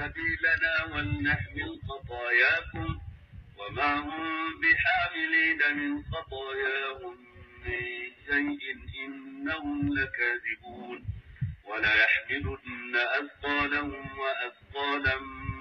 سبيلنا ولنحمل خطاياكم وما هم بحاملين من خطاياهم من شيء إنهم لكاذبون ولا يحملن أثقالهم وأثقالا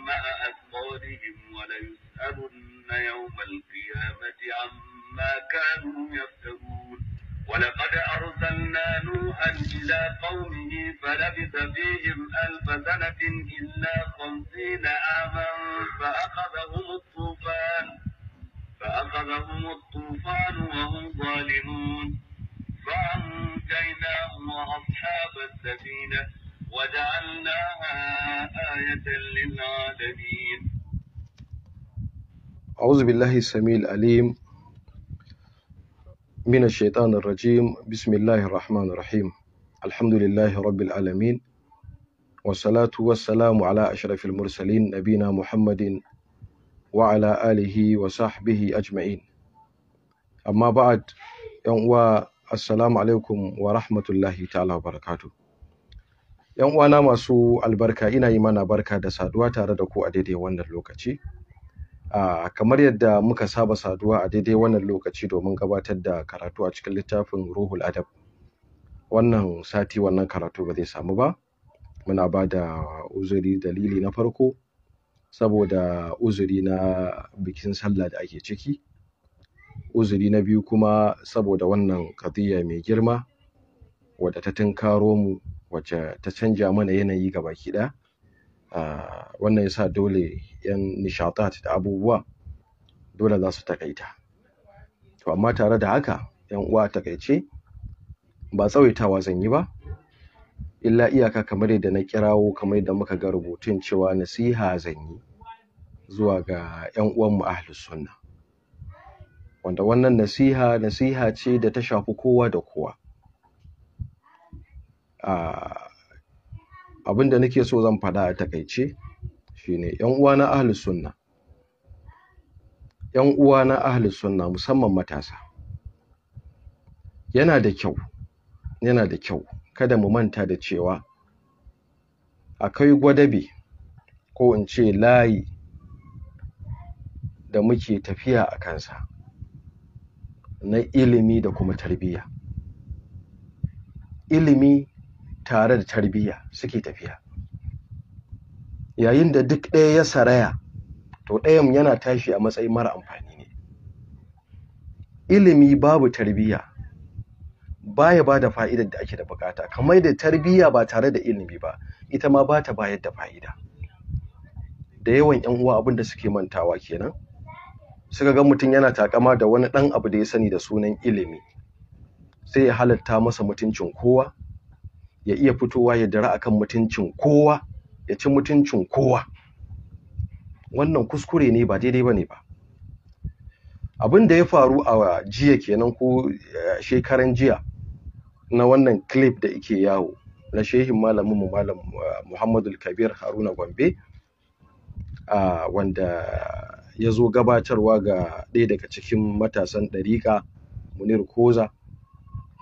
مع أثقالهم وليسألن يوم القيامة عما كانوا يفترون ولقد أرسلنا نوحا إلى قومه فلبث فيهم ألف سنة إلا خمسين عاما فأخذهم الطوفان فأخذهم الطوفان وهم ظالمون فأنجيناه وأصحاب السفينة وجعلناها آية للعالمين أعوذ بالله السميع العليم من الشيطان الرجيم بسم الله الرحمن الرحيم الحمد لله رب العالمين والصلاة والسلام على أشرف المرسلين نبينا محمد وعلى آله وصحبه أجمعين أما بعد يوم السلام عليكم ورحمة الله تعالى وبركاته يوم uwana masu albarka ina yi mana barka da saduwa tare da ku Aa, kamar yadda muka saba saduwa a daidai wannan lokaci domin gabatar da karatu a cikin littafin ruhul adab wannan sati wannan karatu ba zai samu ba muna ba da uzuri dalili na farko saboda uzuri na bikin sallah da ake ciki uzuri na biyu kuma saboda wannan kadiyya mai girma wadda ta tunkaro mu wacce ta canja mana yanayi gabaki ɗaya wannan ya sa dole 'yan nishaɗat da abubuwa dole za su taƙaita to amma tare da haka 'yan uwa taƙaice ba tsawaitawa zan yi ba illa iyaka kamar yadda na kirawo kamar yadda muka ga rubutun cewa nasiha zan yi zuwa ga 'yan uwanmu ahlus sunna wanda wannan nasiha nasiha ce da ta shafi kowa da kowa a abin da nake so zan faɗa a takaice shine yan uwa na ahli sunna yan uwa na ahli sunna musamman matasa yana da kyau yana da kyau kada mu manta da cewa akwai gwadabe ko in ce layi da muke tafiya a kansa na ilimi da kuma tarbiyya ilimi tare da tarbiyya suke tafiya yayin da duk ɗaya ya saraya to ɗayan yana tashi a matsayin mara amfani ne ilimi babu tarbiyya baya ba da fa'idar da ake da bukata kamar da tarbiyya ba tare da ilimi ba ita ma ba ta bayar da fa'ida da yawan ‘yan uwa abin da suke mantawa kenan suka ga mutum yana takama da wani ɗan abu da ya sani da sunan ilimi sai ya halatta masa mutuncin kowa ya iya fitowa ya dara akan mutuncin kowa ya ci mutuncin kowa wannan kuskure ne ba daidai ne ba abin da ya faru a jiya kenan ko eh, shekaran jiya na wannan clip da ike yawo na shehin malamin mu malam eh, Muhammadu Kabir Haruna Gombe wanda ya zo gabatarwa ga ɗaya daga cikin matasan ɗariƙa Munir Koza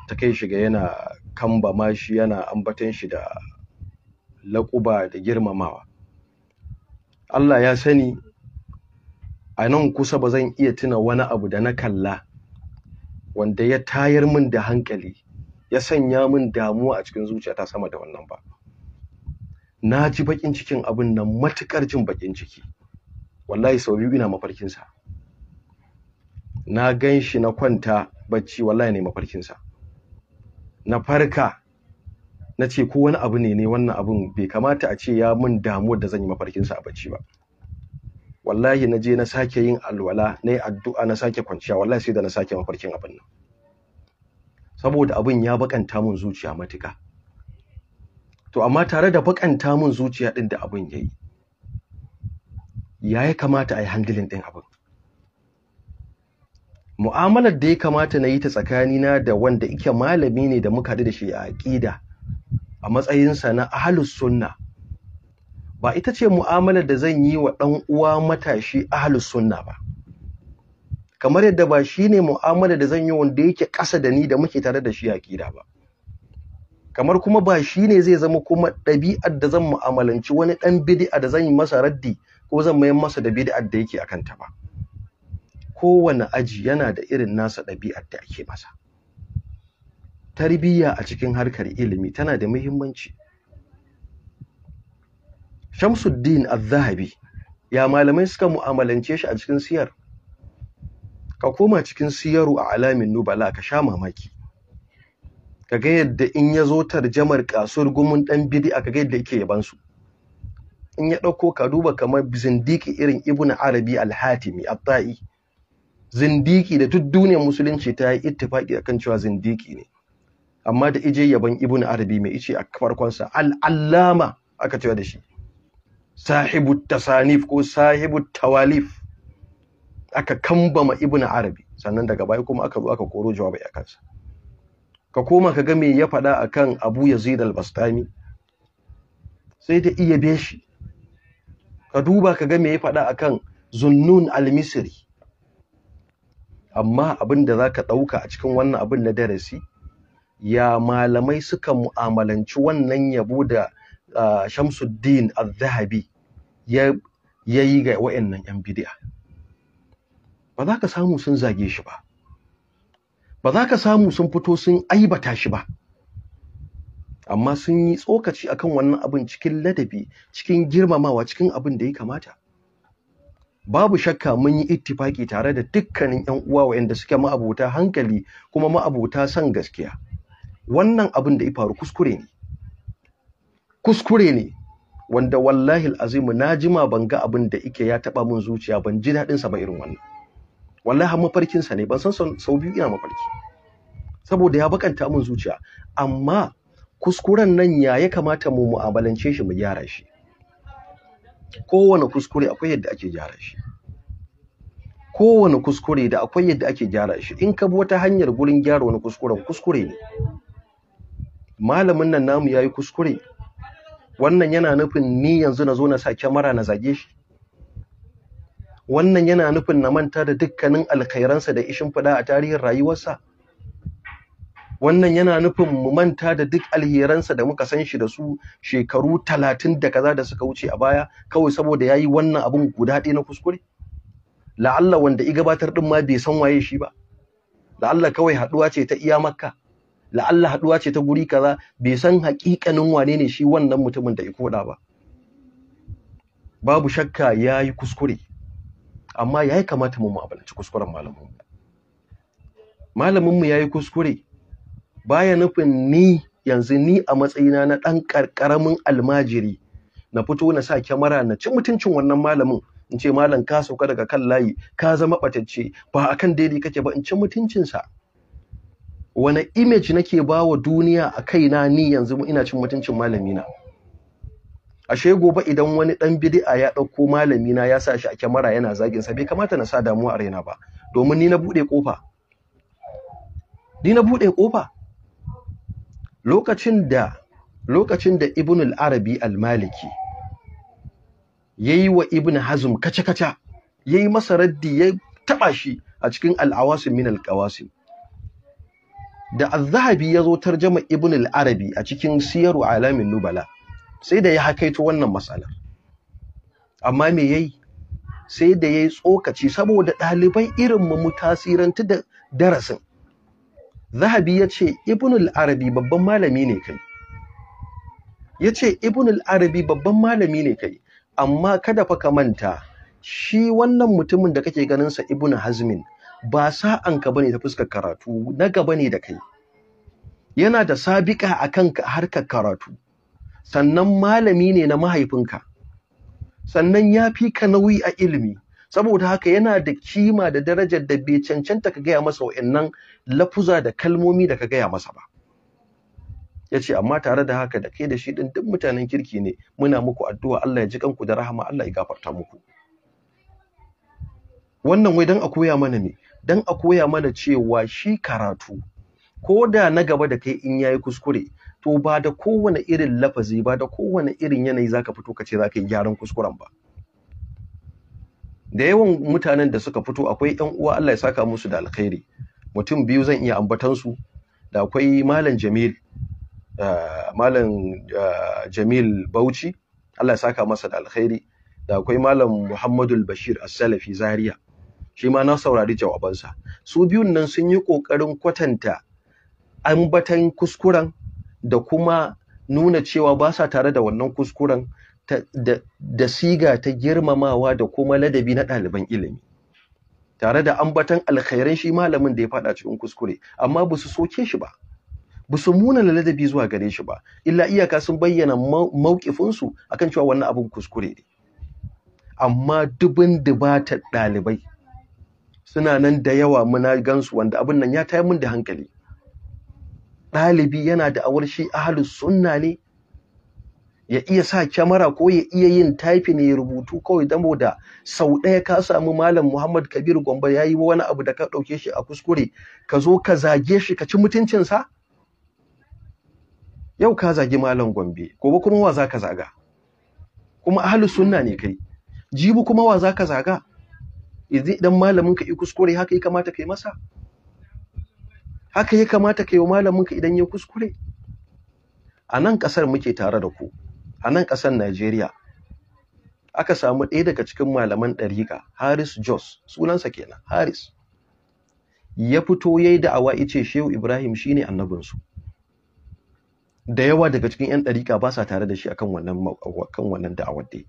ta kai shiga yana kambama shi yana ambaton shi da laƙuba da girmamawa Allah ya sani a nan kusa ba zan iya tuna wani abu da na kalla wanda ya tayar min da hankali ya sanya min damuwa a cikin zuciyata sama da wannan ba na ji bakin cikin abin nan matuƙar jin baƙin ciki wallahi sau biyu ina mafarkinsa na gan shi na kwanta bacci wallahi ne mafarkinsa na farka na ce ko wani abu ne ne wannan abun bai kamata a ce ya mun damuwar da zan yi mafarkinsa a bacci ba wallahi na je na sake yin alwala na yi addu'a na sake kwanciya wallahi sai da na sake mafarkin abin nan saboda abin ya bakanta mun zuciya matuka to amma tare da bakanta mun zuciya din da abin yayi ya kamata a yi handling din abin mu'amalar da ya kamata na yi ta tsakanina da wanda ike malami ne da muka haɗu da shi a aƙida a matsayinsa na ahalus sunna ba ita ce mu'amalar da zan yi wa ɗan uwa matashi ahalus sunna ba kamar yadda ba shi ne mu'amalar da zan yi wanda yake ƙasa da ni da muke tare da shi a aƙida ba kamar kuma ba shi ne zai zama kuma ɗabi'ar da zan mu'amalanci wani ɗan bid'a da zan yi masa raddi ko zan mayar masa da bid'ar da yake a kanta ba. kowane aji yana da irin nasa ɗabi'ar da ake masa tarbiyya a cikin harkar ilimi tana da muhimmanci Shamsuddin Az-Zahabi ya malamai suka mu'amalance shi a cikin siyar ka koma cikin siyaru a alamin nubala ka sha mamaki Ka ga yadda in ya zo tarjamar kasuwar gumin dan ka ga yadda yake yaban su in ya ɗauko ka duba kamar zindiki irin ibnu arabi al-hatimi at-ta'i zindiki da duk duniyar musulunci ta yi ittifaki akan cewa zindiki ne amma da ije yaban ibnu arabi mai ice a farkon sa al-allama aka cewa da shi sahibu tasanif ko sahibu tawalif aka kambama ibnu arabi sannan daga baya kuma aka zo aka koro jawabi a kansa ka koma ka ga me ya faɗa akan Abu Yazid al-Bastami sai ta iya beshi ka duba ka ga me ya faɗa akan Zunnun al-Misri amma abin da za ka ɗauka a cikin wannan abin na darasi ya malamai suka mu'amalanci wannan yabo da Shamsuddin al-Zahabi ya yi ga wa'annan 'yan bidiya. Ba za ka samu sun zage shi ba, ba za ka samu sun fito sun aibata shi ba, amma sun yi tsokaci akan wannan abin cikin ladabi, cikin girmamawa, cikin abin da ya kamata. babu shakka mun yi ittifaki tare da dukkanin yan uwa waɗanda suke ma'abota hankali kuma ma'abota san gaskiya wannan abin da ya faru kuskure ne kuskure ne wanda wallahi azimu na jima ban ga abin da yake ya taba min zuciya ban ji daɗin sa ba irin wannan wallahi mafarkin sa ne ban san sau biyu ina mafarki saboda ya bakanta min zuciya amma kuskuren nan ya ya kamata mu mu'amalance shi mu gyara shi kowane kuskure akwai yadda ake gyara shi kowane kuskure da akwai yadda ake gyara shi in ka bi wata hanyar gurin gyara wani kuskuren kuskure ne malamin nan namu yayi kuskure wannan yana nufin ni yanzu na zo na sa kyamara na zage shi wannan yana nufin na manta da dukkanin alkhairansa da ishin fada a tarihin rayuwarsa wannan yana nufin mu manta da duk alheransa da muka san shi da su shekaru talatin da kaza da suka wuce a baya kawai saboda ya yi wannan abin guda ɗaya na kuskure la'alla wanda i gabatar ɗin ma bai san waye shi ba la'alla kawai haɗuwa ce ta iya makka la'alla haɗuwa ce ta guri kaza bai san haƙiƙanin wane ne shi wannan mutumin da ya koɗa ba babu shakka ya yi kuskure amma ya kamata mu mu'amalanci kuskuren mu. malaminmu ya yi kuskure baya nufin ni yanzu ni a matsayina na ɗan ƙaramin almajiri na fito na sa kyamara na ci mutuncin wannan malamin in ce malam ka sauka daga kan layi ka zama ɓatacce ba a kan daidai kake ba in ci mutuncinsa wani image nake ba wa duniya a kaina ni yanzu ina cin mutuncin malamina ashe gobe idan wani ɗan bidi'a ya ɗauko malamina ya sa shi a kyamara yana zagin sa bai kamata na sa damuwa a raina ba domin ni na buɗe ƙofa ni na buɗe ƙofa lokacin da lokacin da ibn al-arabi al-maliki yayi wa ibn hazm kaca-kaca yayi masa raddi ya taba shi a cikin al-awasim min al-qawasim da al zahabi yazo tarjama ibn al-arabi a cikin siyaru alamin nubala sai da ya hakaito wannan matsalar amma me yayi sai da yayi tsokaci saboda ɗalibai irin mu mutasirantu da darasin zahabi ya ce ibnul arabi babban malami ne kai ya ce ibnul arabi babban malami ne kai amma kada fa ka manta shi wannan mutumin da kake ganinsa sa ibnu hazmin ba sa'an ka bane ta fuskar karatu na gaba ne da kai yana da sabika akan harkar karatu sannan malami ne na mahaifinka sannan ya fi ka nauyi a ilimi saboda haka yana da kima da darajar da bai cancanta ka gaya masa wa'annan lafuza da kalmomi da ka gaya masa ba ya ce amma tare da haka da kai da shi ɗin duk mutanen kirki ne muna muku addu'a Allah ya ji kanku da rahama Allah ya gafarta muku wannan wai dan a koya mana ne dan a koya mana cewa shi karatu ko da na gaba da kai in yayi kuskure to ba da kowane irin lafazi ba da kowane irin yanayi zaka fito ka ce zaka yi gyaran kuskuren ba da yawan mutanen da suka fito akwai ƴan uwa Allah ya saka musu da alkhairi mutum biyu zan iya ambatan su da akwai malam Jamil eh, malam eh, Jamil Bauchi Allah ya saka masa da alkhairi da akwai malam Muhammadul Bashir As-Salafi Zaria shi ma na saurari jawabansa su biyun nan sun yi ƙoƙarin kwatanta ambatan kuskuren da kuma nuna cewa ba sa tare da wannan kuskuren da siga ta girmamawa da kuma ladabi na ɗaliban ilimi tare da ambatan alkhairan shi malamin da ya faɗa cikin kuskure amma ba su soke shi ba ba su muna ladabi zuwa gare shi ba illa iyaka sun bayyana mauƙifinsu akan cewa wannan abin kuskure ne amma dubin dubatar ɗalibai suna nan da yawa muna gansu wanda abin nan ya tayar min da hankali ɗalibi yana da awar shi ahalus sunna ne ya iya sa kyamara ko ya iya yin taifi ne ya rubutu kawai damo da sau ɗaya ka samu malam muhammad kabir gombe ya yi wani abu da ka ɗauke shi a kuskure ka zo ka zage shi ka ci mutuncinsa yau ka zagi malam gombe gobe kuma wa za ka zaga kuma ahalus sunna ne kai jibu kuma wa za ka zaga idan malamin ka yi kuskure haka ya kamata ka yi masa haka ya kamata ka wa malamin ka idan ya kuskure a nan ƙasar muke tare da ku a nan ƙasar Najeriya aka samu ɗaya daga cikin malaman ɗariƙa Haris Jos sunansa kenan Haris ya fito yayi da'awa ice Shehu Ibrahim shine annabinsu da yawa daga cikin 'yan ɗariƙa ba sa tare da shi akan wannan kan wannan da'awar dai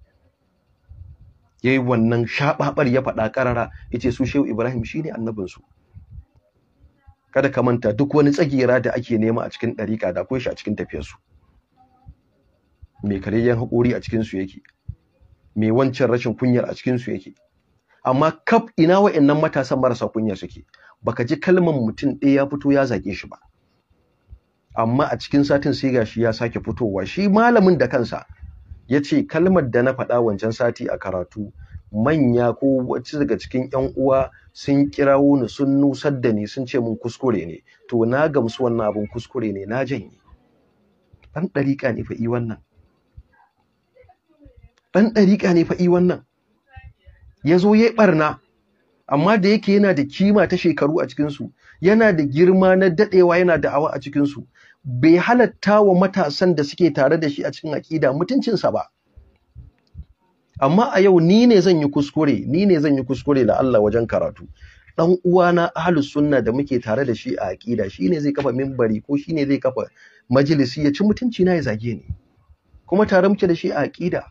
yayi wannan shaɓaɓar ya faɗa ƙarara yace su Shehu Ibrahim shine annabinsu kada ka manta duk wani tsagira da ake nema a cikin ɗariƙa da akwai shi a cikin tafiyarsu mai karyayyen haƙori a cikinsu yake mai wancan rashin kunyar a cikinsu yake amma kaf ina wa'annan matasan marasa kunya suke baka ji kalmar mutum ɗaya ya fito ya zage shi ba amma a cikin satin sai shi ya sake fitowa shi malamin da kansa ya ce kalmar da na faɗa wancan sati a karatu manya ko wacce daga cikin ƴan uwa sun kirawo ni sun nusar da ni sun ce mun kuskure ne to na gamsu wannan abun kuskure ne na janye ɗan ɗariƙa ne fa wannan ɗan ɗariƙa ne fa'i wannan ya zo ya ɓarna amma da yake yana da kima ta shekaru a cikinsu yana da girma na daɗewa yana da awa a cikinsu bai halatta wa matasan da suke tare da shi a cikin aƙida mutuncinsa ba amma a yau ni ne zan yi kuskure ni ne zan yi kuskure da Allah wajen karatu dan uwana ahlus sunna da muke tare da shi a aƙida shine zai kafa minbari ko shine zai kafa majalisi ya ci mutunci na ya zage ni kuma tare muke da shi a aƙida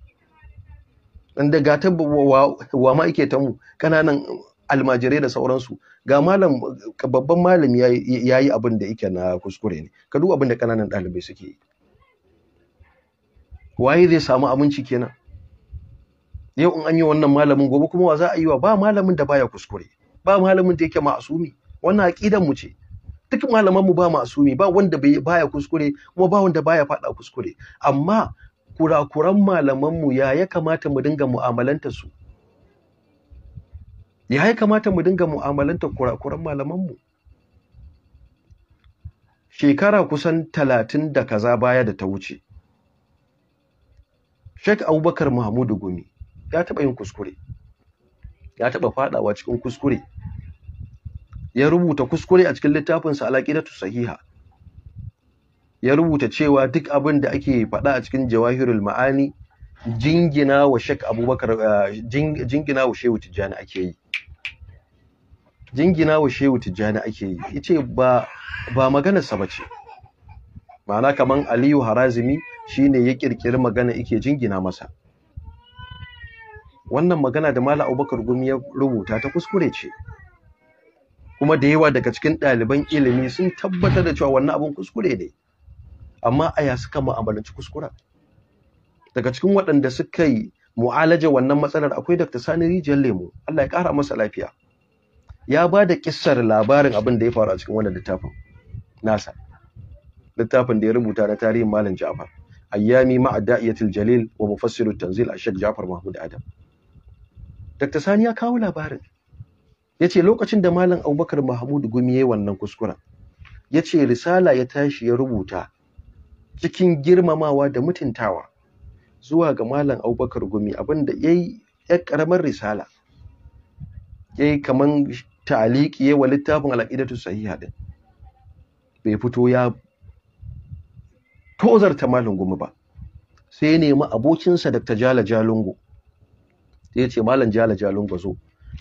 ga ta wa ma yake ta mu kananan almajirai da sauransu ga malam babban malam ya yi abin da yake na kuskure ne ka duk abin da kananan ɗalibai suke yi waye zai samu aminci kenan yau in an yi wannan malamin gobe kuma wa za a yi wa ba malamin da baya kuskure ba malamin da yake ma'asumi wannan aqidan mu ce duk malaman mu ba ma'asumi ba wanda baya kuskure kuma ba wanda baya faɗa kuskure amma kurakuran malamanmu ya ya kamata mu dinga mu'amalanta su ya ya kamata mu dinga mu'amalanta kurakuran malamanmu shekara kusan talatin da kaza baya da ta wuce Sheikh Abubakar Mahmudu Gumi ya taɓa yin kuskure ya taɓa faɗawa cikin kuskure ya rubuta kuskure a cikin littafinsa Al-Aqidatu sahiha ya rubuta cewa duk abin da ake faɗa a cikin jawahirul ma'ani jingina wa shek abubakar eh, jingina wa shehu tijjani ake yi jingina wa shehu tijjani ake yi ita ba ba maganar sa bace ma'ana kaman aliyu harazimi shine ya kirkiri magana yake jingina masa wannan magana da mala abubakar gumi ya rubuta ta kuskure ce kuma da yawa daga cikin ɗaliban ilimi sun tabbatar da cewa wannan abun kuskure ne amma aya suka mu'amalanci kuskura daga cikin waɗanda suka yi mu'alaja wannan matsalar akwai Dr. Sani Rijiyar Lemo Allah ya ƙara masa lafiya ya ba da kissar labarin abin da ya faru a cikin wannan littafin nasa littafin da ya rubuta na tarihin Malam Ja'far ayyami ma'adda'iyatil jalil wa mufassiru tanzil a Sheikh Ja'far Mahmud Adam Dr. Sani ya kawo labarin ya ce lokacin da Malam Abubakar Mahmud Gumi ya wannan kuskuren ya ce risala ya tashi ya rubuta cikin girmamawa da mutuntawa zuwa ga Malam Abubakar Gumi abinda ya yi ‘yar ƙaramar risala, ya yi kaman ta'aliki wa littafin al'aƙidatu sahiha ɗin, bai fito ya tozarta Malam Gumi ba, sai ya nemi abokinsa Dr. Jala Jalungo, ya ce Malam Jala Jalungo zo,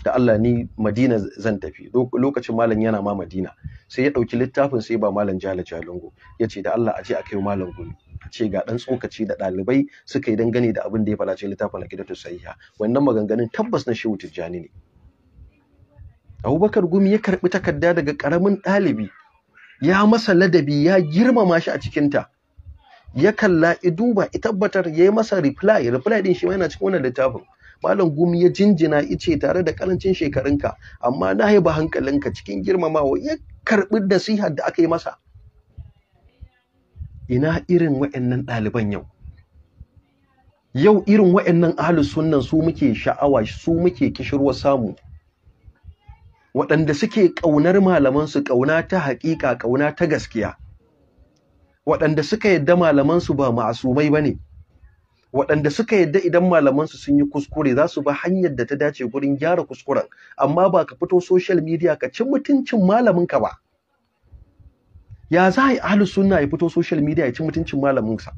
da Allah ni Madina zan tafi lokacin malam yana ma Madina sai ya ɗauki littafin sai ba malam Jala Jalingo ya ce da Allah a ce a kai malam Gulu a ce ga ɗan tsokaci da ɗalibai suka yi dangane da abin da ya faɗa cikin littafin Aqidatu Sahiha wannan maganganun tabbas na Shehu Tijjani ne Abubakar Gumi ya karɓi takarda daga ƙaramin ɗalibi ya masa ladabi ya girmama shi a cikinta ya kalla i duba i tabbatar ya yi masa reply reply din shi ma yana cikin wannan littafin malam gumi ya jinjina ice tare da karancin shekarunka amma na haiba hankalinka cikin girmamawa ya karbi nasihar da aka yi masa ina irin wa'annan ɗaliban yau yau irin wa'annan ahlus sunnan su muke sha'awa su muke kishirwa samu waɗanda suke ƙaunar malamansu ƙauna ta haƙiƙa ƙauna ta gaskiya waɗanda suka yadda malamansu ba ma'asumai ba ne waɗanda suka yadda idan malamansu sun yi kuskure za su ba hanyar da ta dace gurin gyara kuskuren amma ba ka fito social media ka ci mutuncin malaminka ba ya za a yi ahlus sunna ya fito social media ya ci mutuncin malaminsa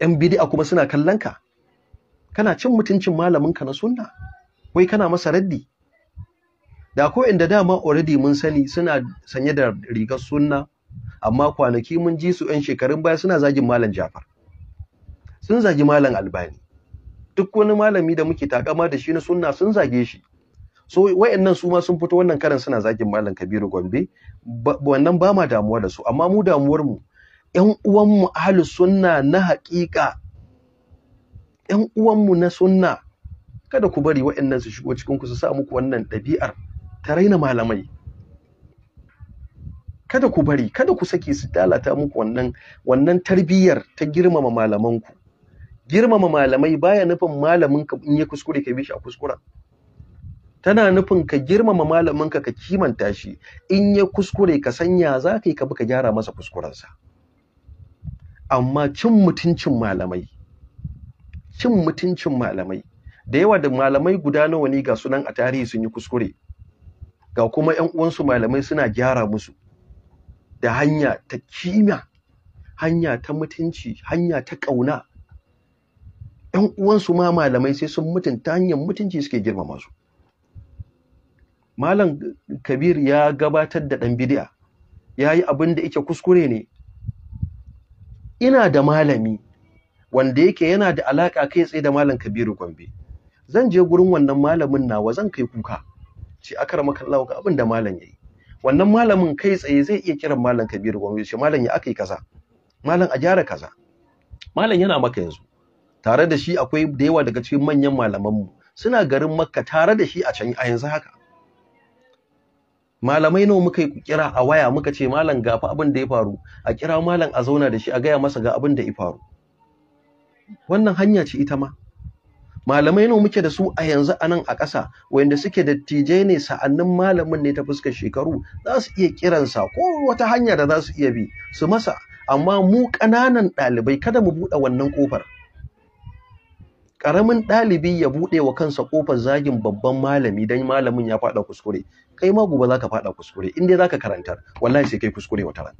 yan bidi'a kuma suna kallon ka kana cin mutuncin malaminka na sunna wai kana masa raddi da ko inda dama already mun sani suna sanye da rigar sunna amma kwanaki mun ji su 'yan shekarun baya suna zagin malam jafar sun zagi malam albani duk wani malami da muke takama da shi na sunna sun zage shi so wayannan su ma sun fito wannan karan suna zagin malam kabiru gombe wannan ba ma damuwa da su amma mu damuwar mu ƴan uwanmu ahlus sunna na haƙiƙa ƴan uwanmu na sunna kada ku bari wayannan su shigo cikin ku su sa muku wannan ɗabi'ar ta raina malamai kada ku bari kada ku saki su dalata muku wannan wannan tarbiyyar ta girmama malamanku girmama malamai baya nufin malamin ka in ya kuskure ka bi shi a kuskura. tana nufin ka girmama malamin ka ka kimanta shi in ya kuskure ka sanya za ka yi ka bi ka gyara masa kuskurensa amma cin mutuncin malamai cin mutuncin malamai da yawa da malamai guda nawa ne ga sunan a tarihi sun yi kuskure ga kuma ƴan uwansu malamai suna gyara musu da hanya ta kima hanya ta mutunci hanya ta ƙauna 'yan uwansu ma malamai sai sun mutunta hanyar mutunci suke girmama su malam kabir ya gabatar da ɗan bidi'a ya yi abin da yake kuskure ne ina da malami wanda yake yana da alaƙa kai tsaye da malam kabiru gombe zan je gurin wannan malamin nawa zan kai kuka ce aka rama kallawa abin da malam ya yi wannan malamin kai tsaye zai iya kiran malam kabiru gombe ce malam ya aka yi kaza malam a gyara kaza malam yana maka yanzu tare da shi akwai da yawa daga cikin manyan malamanmu suna garin makka tare da shi a can a yanzu haka malamai nawa muka yi kira a waya muka ce malam gafa abin da ya faru a kira malam a zauna da shi a gaya masa ga abin da ya faru wannan hanya ce ita ma malamai nawa muke da su a yanzu anan a ƙasa wanda suke dattijai ne sa'annin malamin ne ta fuskar shekaru za su iya kiransa ko wata hanya da za su iya bi su masa amma mu ƙananan ɗalibai kada mu buɗe wannan ƙofar karamin ɗalibi ya buɗe wa kansa ƙofar zagin babban malami don malamin ya faɗa kuskure kai ma gobe za ka faɗa kuskure in za ka karantar wallahi sai kai kuskure wata ran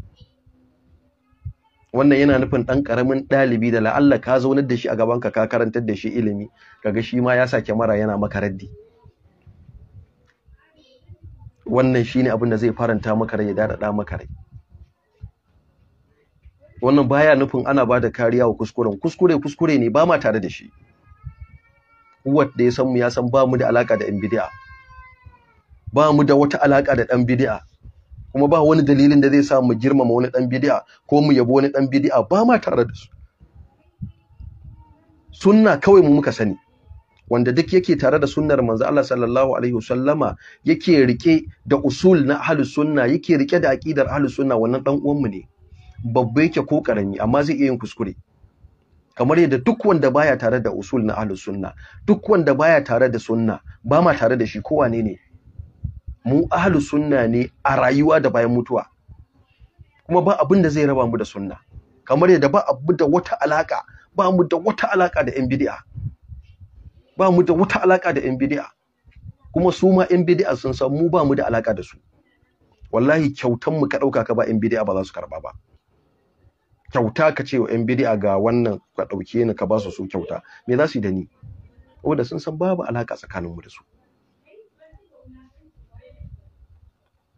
wannan yana nufin ɗan karamin ɗalibi da la'alla ka zaunar da shi a gabanka ka karantar da shi ilimi kaga shi ma ya sake mara yana maka raddi wannan shine abin da zai faranta maka rai ya daɗaɗa maka rai wannan baya nufin ana ba da kariya wa kuskuren kuskure kuskure ne ba ma tare da shi wanda ya san mu ya san ba mu da alaka da yan bid'a ba mu da wata alaka da ɗan bid'a kuma ba wani dalilin da zai sa mu girmama wani ɗan bid'a ko mu yabo wani ɗan bid'a ba ma tare da su sunna kawai mu muka sani wanda duk yake tare da sunnar manzo Allah sallallahu alaihi wasallama yake rike da usul na ahlus sunna yake rike da aqidar ahlus sunna wannan dan uwan mu ne babba yake ko karami amma zai iya yin kuskure kamar yadda duk wanda baya tare da usul na ahlus sunna duk wanda baya tare da sunna ba ma tare da shi ko ne ne mu ahlus sunna ne a rayuwa da bayan mutuwa kuma ba abin da zai raba mu da sunna kamar yadda ba abu da wata alaka ba mu da wata alaka da yan bid'a ba mu da wata alaka da yan bid'a kuma su ma yan bid'a sun san mu ba mu da alaka da su wallahi kyautan mu ka dauka ka ba yan bid'a ba za su karba ba kyauta ka ce wa yan bid'a ga wannan ka ɗauke ni ka ba su su kyauta me za su yi da ni saboda sun san babu alaƙa tsakaninmu da su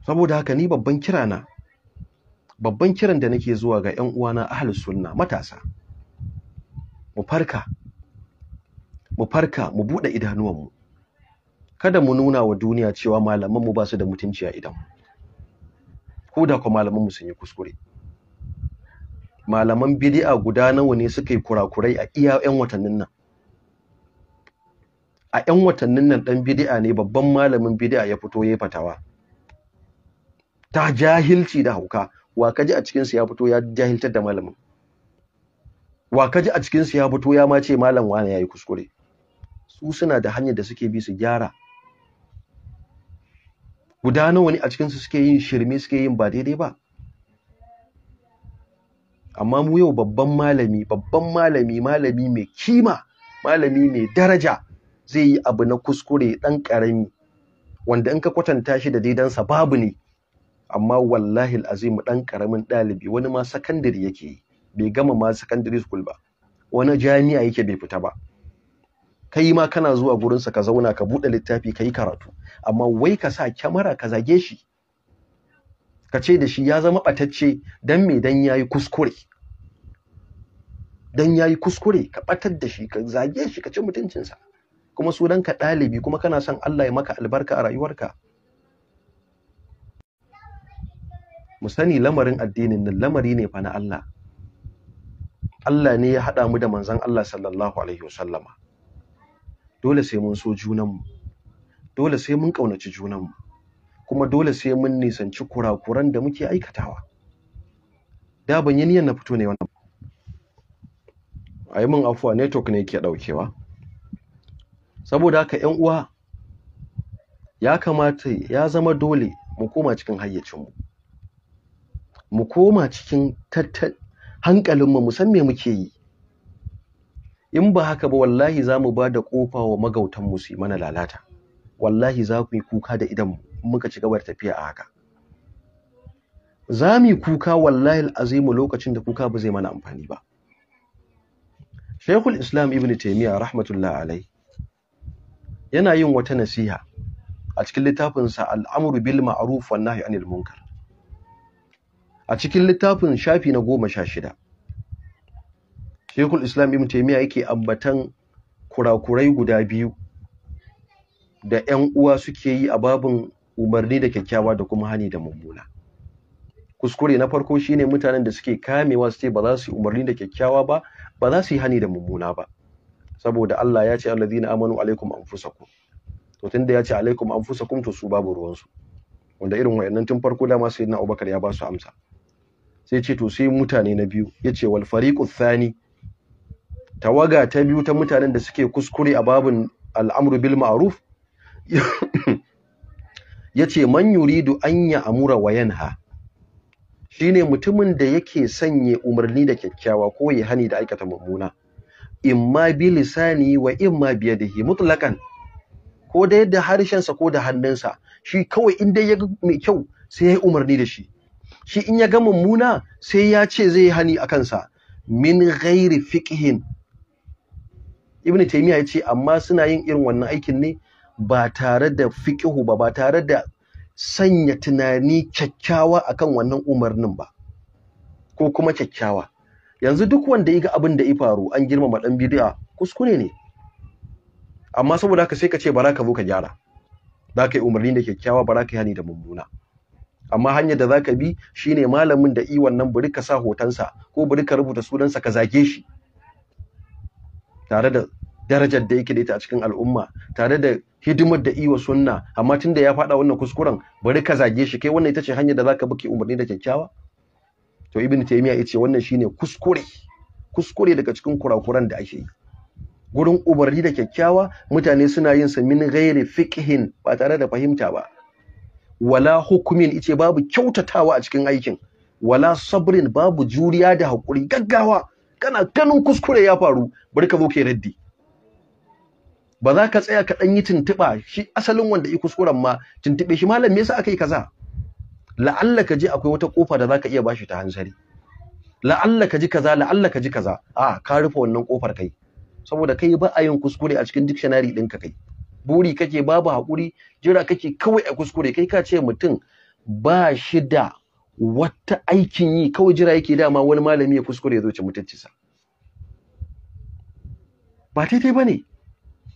saboda haka ni babban kira na babban kiran da nake zuwa ga 'yan uwana ahlus sunna matasa mu farka mu farka mu bude idanuwanmu kada mu nuna wa duniya cewa malaman mu ba su da mutunci a idan ko da kuma malaman mu sun yi kuskure malaman bidi'a guda nawa ne suka yi kurakurai a iya ƴan watannin nan a ƴan watannin nan ɗan bidi'a ne babban malamin bidi'a ya fito yayi fatawa ta jahilci da hauka wa kaji a cikin su ya fito ya jahiltar da malamin wa kaji a cikin su ya fito ya ma ce malam wani yayi kuskure su suna da hanyar da suke bi su gyara guda nawa ne a cikin su suke yin shirme suke yin ba daidai ba amma mu yau babban malami babban malami malami mai kima malami mai daraja zai yi abu na kuskure ɗan ƙarami wanda in ka kwatanta shi da daidansa babu ne amma wallahi azimu ɗan ƙaramin ɗalibi wani ma sakandare yake yi bai gama ma sakandare school ba wani jami'a yake bai fita ba kai ma kana zuwa gurinsa ka zauna ka buɗe littafi ka yi karatu amma wai ka sa kyamara ka zage shi ka ce da shi ya zama batacce don me don ya yi kuskure don ya yi kuskure ka ɓatar da shi ka zage shi ka ci mutuncinsa kuma su dan ka ɗalibi kuma kana son Allah ya maka albarka a rayuwarka mu sani lamarin addinin nan lamari ne fa na Allah Allah ne ya haɗa mu da manzon Allah sallallahu alaihi wasallama dole sai mun so junanmu dole sai mun ƙaunaci junanmu kuma dole sai mun nisanci kurakuran da muke aikatawa da ban yi niyan na fito ne wannan a yi min afuwa network ne ke ɗaukewa saboda haka ‘yan uwa ya kamata ya zama dole mu koma cikin hayyacinmu mu koma cikin hankalinmu mu san me muke yi in ba haka ba wallahi za mu ba da ƙofa wa magautanmu su yi mana lalata wallahi za ku yi kuka da idanmu muka ci gaba da tafiya a haka za kuka wallahi azimu lokacin da kuka ba zai mana amfani ba Shaykhul Islam Ibn Taymiyyah rahmatullahi alai yana yin wata nasiha a cikin littafinsa Al-Amru bil Ma'ruf wan Nahyi anil Munkar a cikin littafin shafi na 16 Shaykhul Islam Ibn Taymiyyah yake ambatan kurakurai guda biyu da ƴan uwa suke yi a babin umarni da kyakkyawa da kuma hani da mummuna kuskure na farko shine mutanen da suke kamewa su ce ba za su yi umarni da kyakkyawa ba ba za su yi hani da mummuna ba saboda Allah ya ce allazina amanu alaikum anfusakum to tunda ya ce alaikum anfusakum to su babu ruwansu wanda irin wayannan tun farko sai na Abubakar ya ba su amsa sai ce to sai mutane na biyu yace wal fariqu thani tawaga ta biyu ta mutanen da suke kuskure a babun al'amru bil ma'ruf yace man yuridu an ya amura wa Shi ne mutumin da yake sanye umarni da kyakkyawa ko ya hani da aikata mummuna imma bi lisani wa imma da himu mutlakan ko da yadda harshensa ko da hannunsa shi kawai inda dai ya ga mai kyau sai ya yi umarni da shi shi in ya ga mummuna sai ya ce zai hani a kansa min ghairi fiqhin ibn taymiya ce amma suna yin irin wannan aikin ne ba tare da fiƙihu ba ba tare da sanya tunani kyakkyawa akan wannan umarnin ba ko kuma kyakkyawa yanzu duk wanda ya ga abin da ya faru an girmama ɗan bid'a kuskure ne amma saboda haka sai ka ce bara ka zo ka gyara za ka yi umarni da kyakkyawa bara ka yi hani da mummuna amma hanyar da za ka bi shine malamin da i wannan bari ka sa hotonsa ko bari ka rubuta sunansa ka zage shi tare da darajar da yake da ita a cikin al'umma tare da hidimar da iwa sunna amma tunda ya faɗa wannan kuskuren bari ka zage shi kai wannan ita ce hanyar da za ka ke umarni da kyakkyawa to ibn taymiya yace wannan shine kuskure kuskure daga cikin kurakuran da ake yi gurin umarni da kyakkyawa mutane suna yin sa min ghairi fiqhin ba tare da fahimta ba wala hukumin ice babu kyautatawa a cikin aikin wala sabrin babu juriya da hakuri gaggawa kana ganin kuskure ya faru bari ka zo ke raddi ba za ka tsaya ka ɗan yi tuntuɓa shi asalin wanda yi kuskuren ma tuntuɓe shi malam me yasa akai kaza la'alla ka ji akwai wata kofa da za ka iya bashi ta hansari la'alla ka ji kaza la'alla ka ji kaza a ka rufe wannan kofar kai saboda kai ba a yin kuskure a cikin dictionary ka kai buri kake babu hakuri jira kake kawai a kuskure kai ka ce mutum ba shi da wata aikin yi kawai jira yake dama wani malami ya kuskure ya zo ci mutuncinsa ba daidai ba ne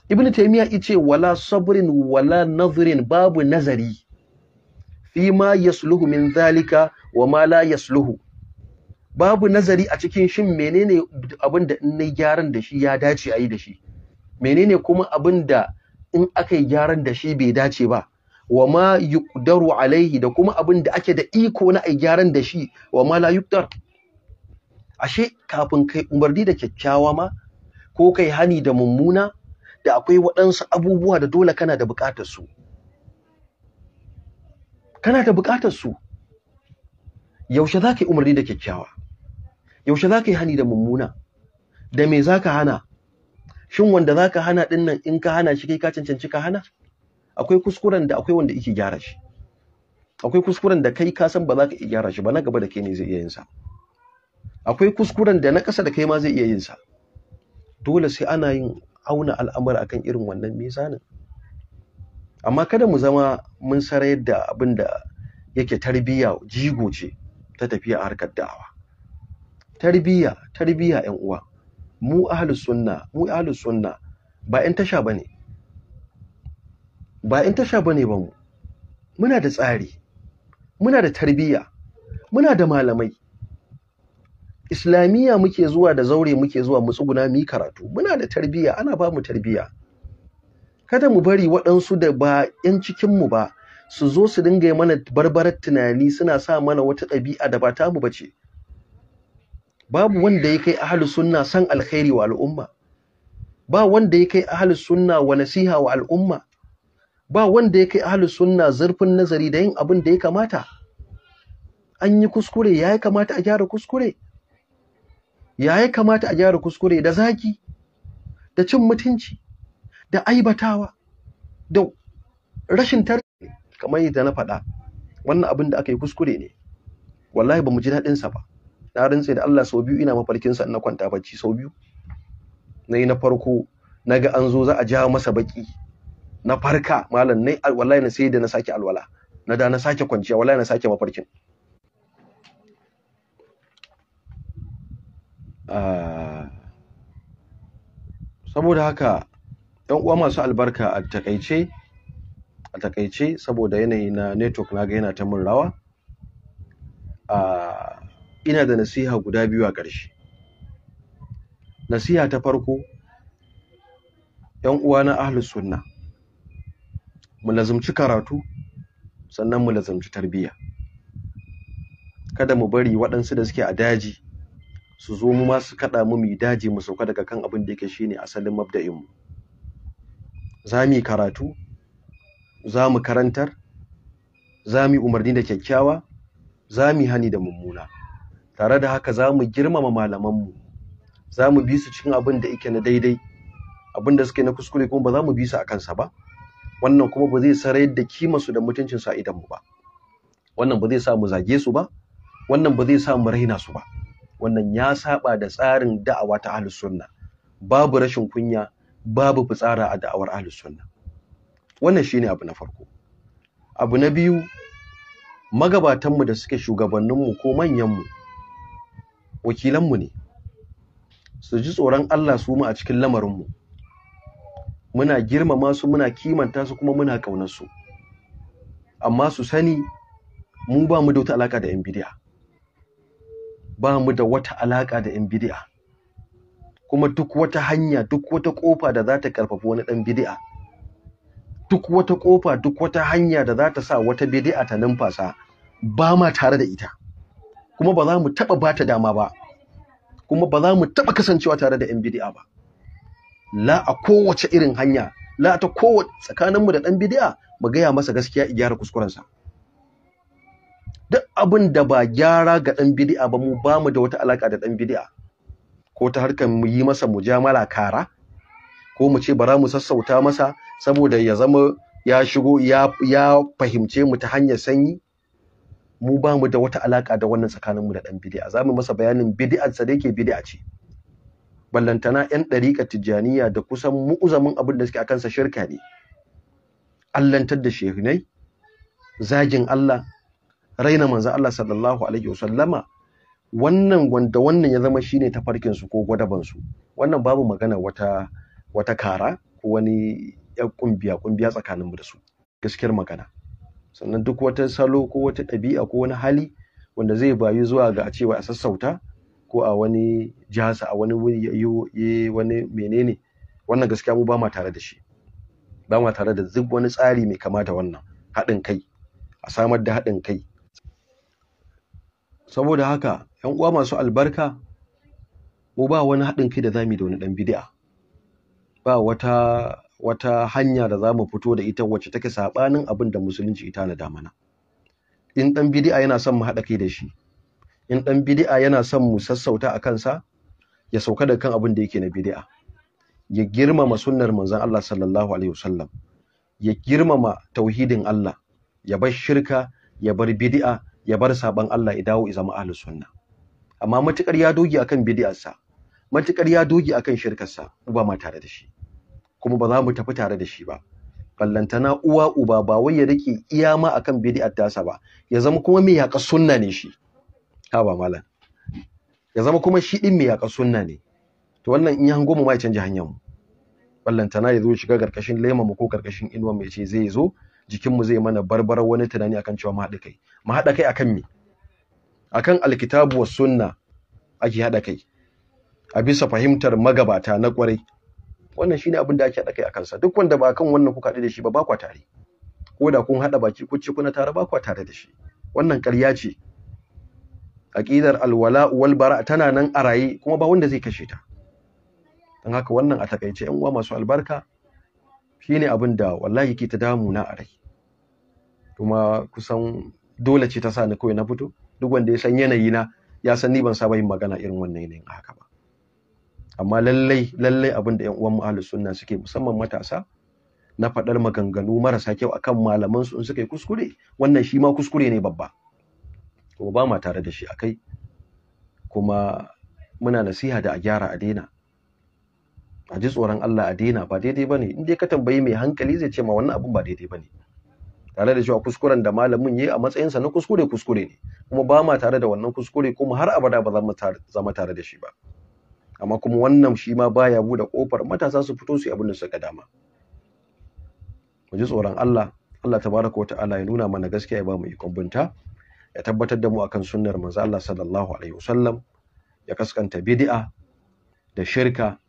ibn taymiya ice wala sabrin wala nazrin babu nazari fi ma yasluhu min zalika wa ma la yasluhu babu nazari a cikin shin menene abinda da in nayi gyaran da shi ya dace ayi yi da shi menene kuma abin da in aka yi gyaran da shi bai dace ba wa ma yuqdaru alaihi da kuma abinda ake da iko na ai gyaran da shi wa ma la yuqdar ashe kafin kai umarni da kyakkyawa ma ko kai hani da mummuna da akwai waɗansu abubuwa da dole kana da buƙatar su kana da buƙatar su yaushe za ka yi umarni da kyakkyawa yaushe za ka yi hani da mummuna da me za ka hana shin wanda za ka hana ɗin nan in ka hana shi kai ka cancanci ka hana akwai kuskuren da akwai wanda yake gyara shi akwai kuskuren da kai ka san ba za ka iya gyara shi ba na gaba da kai ne zai iya yin sa akwai kuskuren da na ƙasa da kai ma zai iya yin sa dole sai ana yin auna al'amura akan irin wannan mizanin amma kada mu zama mun sarayar da abin da yake tarbiya jigo ce ta tafiya a harkar da'awa Tarbiya, tarbiya ƴan uwa mu ahlus sunna mu ahlus sunna ba in tasha bane ba ƴan tasha bane ba mu muna da tsari muna da tarbiya, muna da malamai islamiyya muke zuwa da zaure muke zuwa mu tsuguna mu yi karatu muna da tarbiyya ana ba mu tarbiyya kada mu bari waɗansu da ba 'yan cikinmu ba su zo su dinga mana barbarar tunani suna sa mana wata ɗabi'a da ba ta mu ce babu wanda ya kai ahli sunna san alkhairi wa al'umma ba wanda ya kai ahli sunna wa nasiha wa al'umma ba wanda ya kai ahli sunna zurfin nazari da yin abin da ya kamata an yi kuskure ya kamata a gyara kuskure ya ya kamata a gyara kuskure da zaki da cin mutunci da aibatawa da rashin tar kamar yadda na faɗa wannan abin da aka yi kuskure ne wallahi ba mu ji daɗinsa ba na rantse da Allah sau biyu ina mafarkin sa na kwanta bacci sau biyu Na yi na farko na ga an zo za a ja masa baki na farka malam nai wallahi na sai da na sake alwala na da na sake kwanciya wallahi na sake mafarkin Eh, saboda haka ‘yan uwa masu albarka a takaice saboda yanayi na network na ga yana ta min rawa eh, ina da nasiha guda biyu a ƙarshe nasiha ta farko ‘yan uwa na ahlus sunna mu lazumci karatu sannan mu lazumci tarbiyya kada mu bari waɗansu da suke a daji su zo mu ma su kaɗa mu mu daji mu sauka daga kan abin da yake shine asalin mabda'in mu za mu karatu za mu karantar za mu umarni da kyakkyawa za mu hani da mummuna tare da haka za mu girmama malamanmu za mu bi su cikin abin da yake na daidai abin da suke na kuskure kuma ba za mu bi su a kansa ba wannan kuma ba zai sarayar da su da mutuncinsu a mu ba wannan ba zai sa mu zage su ba wannan ba zai sa mu raina su ba wannan ya saɓa da tsarin da'awa ta ahlus sunna babu rashin kunya babu fitsara a da'awar ahlus sunna wannan shine abu na farko abu na biyu magabatanmu da suke shugabanninmu ko manyanmu wakilanmu ne su ji tsoron Allah su mu a cikin lamarinmu muna girmama su muna kimanta su kuma muna ƙaunar su amma su sani mu ba mu da wata alaka da 'yan bidiya ba mu da wata alaƙa da 'yan bidi'a kuma duk wata hanya duk wata ƙofa da za ta ƙarfafi wani ɗan bidi'a duk wata ƙofa duk wata hanya da za ta sa wata bidi'a ta numfasa ba ma tare da ita kuma ba za mu taɓa ba ta dama ba kuma ba za mu taɓa kasancewa tare da 'yan bidi'a ba la a kowace irin hanya la ta kowace tsakaninmu da ɗan bidi'a mu gaya masa gaskiya i gyara kuskurensa duk abin da ba gyara ga ɗan bidi'a ba mu ba mu da wata alaƙa da ɗan bidi'a ko ta harkar mu yi masa mujamala kara ko mu ce bara mu sassauta masa saboda ya zama ya shigo ya ya fahimce mu ta hanyar sanyi mu ba mu da wata alaƙa da wannan tsakanin mu da ɗan bidi'a za mu masa bayanin bidi'ar sa da yake bidi'a ce ballantana 'yan ɗariƙa tijjaniya da kusan mu'uzamin abin da suke a kansa shirka ne allantar da shehunai zagin Allah raina manzo Allah sallallahu alaihi wasallama wannan wanda wannan ya zama shine tafarkin su ko gwadaban su wannan babu magana wata wata kara ko wani ya kumbiya kumbiya mu da su gaskiyar magana sannan duk wata salo ko wata ɗabi'a ko wani hali wanda zai bayu zuwa ga a cewa a sassauta ko a wani jasa a wani wuri ya yi wani menene wannan gaskiya mu ba ma tare da shi ba ma tare da duk wani tsari mai kamata wannan haɗin kai a samar da haɗin kai saboda haka ‘yan uwa masu albarka mu ba wani haɗin kai da za mu yi da wani ɗan bidi'a ba wata wata hanya da za mu fito da ita wacce take saɓanin abin da musulunci ita na damana in ɗan bidi'a yana son mu haɗa kai da shi in ɗan bidi'a yana son mu sassauta a kansa ya sauka da kan abin da yake na bidi'a ya girmama sunnar manzon Allah sallallahu alaihi wasallam ya girmama tauhidin Allah ya bar shirka ya bar bidi'a. ya bar sabon Allah ya dawo ya zama ahlus sunna amma matukar ya doge akan bid'arsa matukar ya doge akan shirkarsa uba ma tare da shi kuma ba za mu tafi tare da shi ba ballantana uwa uba ba wai ya rike iya ma akan bid'ar tasa ba ya zama kuma mai yaƙa sunna ne shi ha ba malam ya zama kuma shi din mai yaƙa sunna ne to wannan in ya hango mu ma ya canja hanyar mu ballantana ya zo shiga karkashin lema mu ko karkashin inuwa mai ce zai zo jikinmu zai mana barbarar wani tunani akan cewa mu haɗa kai mu haɗa kai akan me akan alkitabu was sunna ake haɗa kai a bisa fahimtar magabata na ƙwarai wannan shine abin da ake haɗa kai akan sa duk wanda ba akan wannan kuka haɗu da shi ba ba kwa tare ko da kun haɗa baki ku ce kuna tare ba kwa tare da shi wannan ƙarya ce aqidar alwala wal bara tana nan a raye kuma ba wanda zai kashe ta dan haka wannan a takaice yan uwa masu albarka Shi ne abin da wallahi ke ta damu na a rai kuma kusan dole ce ta sa ni kawai na fito duk wanda ya san yanayi na ya san ni ban saba yin magana irin wannan yanayin haka ba amma lallai lallai abin da ƴan uwan mu ahlus sunna suke musamman matasa na faɗar maganganu marasa kyau akan malaman su in suka yi kuskure wannan shi ma kuskure ne babba kuma ba ma tare da shi akai kuma muna nasiha da a gyara a daina a ji tsoron Allah a daina ba daidai ba ne in dai ka tambayi mai hankali zai ce ma wannan abun ba daidai ba ne tare da cewa kuskuren da malamin yi a matsayinsa na kuskure kuskure ne kuma ba ma tare da wannan kuskure kuma har abada ba za mu zama tare da shi ba amma kuma wannan shi ma baya buɗe kofar matasa su fito su yi abin da suka dama mu ji tsoron Allah Allah tabaraka wata'ala ya nuna mana gaskiya ya ba mu ikon binta ya tabbatar da mu akan sunnar manzo Allah sallallahu alaihi wasallam ya kaskanta bid'a da shirka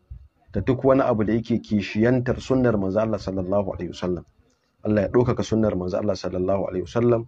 da duk wani abu da yake kishiyantar sunnar manzo Allah sallallahu alaihi wasallam Allah ya ɗaukaka sunnar manzo Allah sallallahu alaihi wasallam